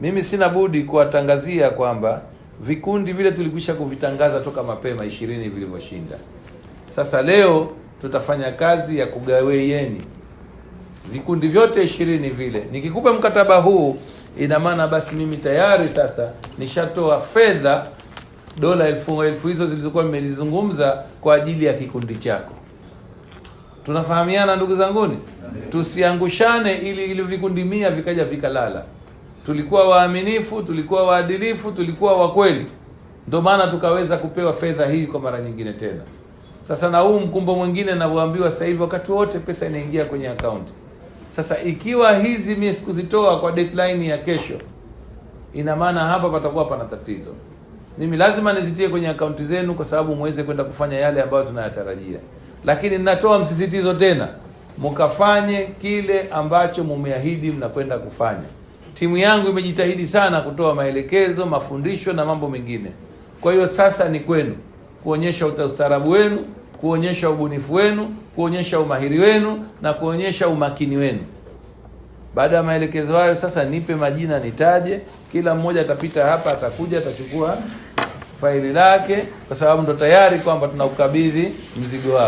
Mimi sina budi kuwatangazia kwamba vikundi vile tulikwisha kuvitangaza toka mapema ishirini vilivyoshinda. Sasa leo tutafanya kazi ya kugaweyeni vikundi vyote ishirini vile. Nikikupa mkataba huu, ina maana basi mimi tayari sasa nishatoa fedha dola elfu elfu hizo zilizokuwa nimelizungumza kwa ajili ya kikundi chako. Tunafahamiana ndugu zanguni, tusiangushane ili ili vikundi mia vikaja vikalala tulikuwa waaminifu, tulikuwa waadilifu, tulikuwa wakweli, ndio maana tukaweza kupewa fedha hii kwa mara nyingine tena. Sasa na huu mkumbo mwingine navyoambiwa sasa hivi, wakati wote pesa inaingia kwenye akaunti. Sasa ikiwa hizi mimi sikuzitoa kwa deadline ya kesho, ina maana hapa patakuwa pana tatizo. Mimi lazima nizitie kwenye akaunti zenu, kwa sababu muweze kwenda kufanya yale ambayo tunayatarajia, lakini ninatoa msisitizo tena, mkafanye kile ambacho mumeahidi mnakwenda kufanya timu yangu imejitahidi sana kutoa maelekezo, mafundisho na mambo mengine. Kwa hiyo sasa ni kwenu kuonyesha ustaarabu wenu, kuonyesha ubunifu wenu, kuonyesha umahiri wenu na kuonyesha umakini wenu. Baada ya maelekezo hayo, sasa nipe majina, nitaje. Kila mmoja atapita hapa, atakuja, atachukua faili lake, kwa sababu ndo tayari kwamba tunaukabidhi mzigo wako.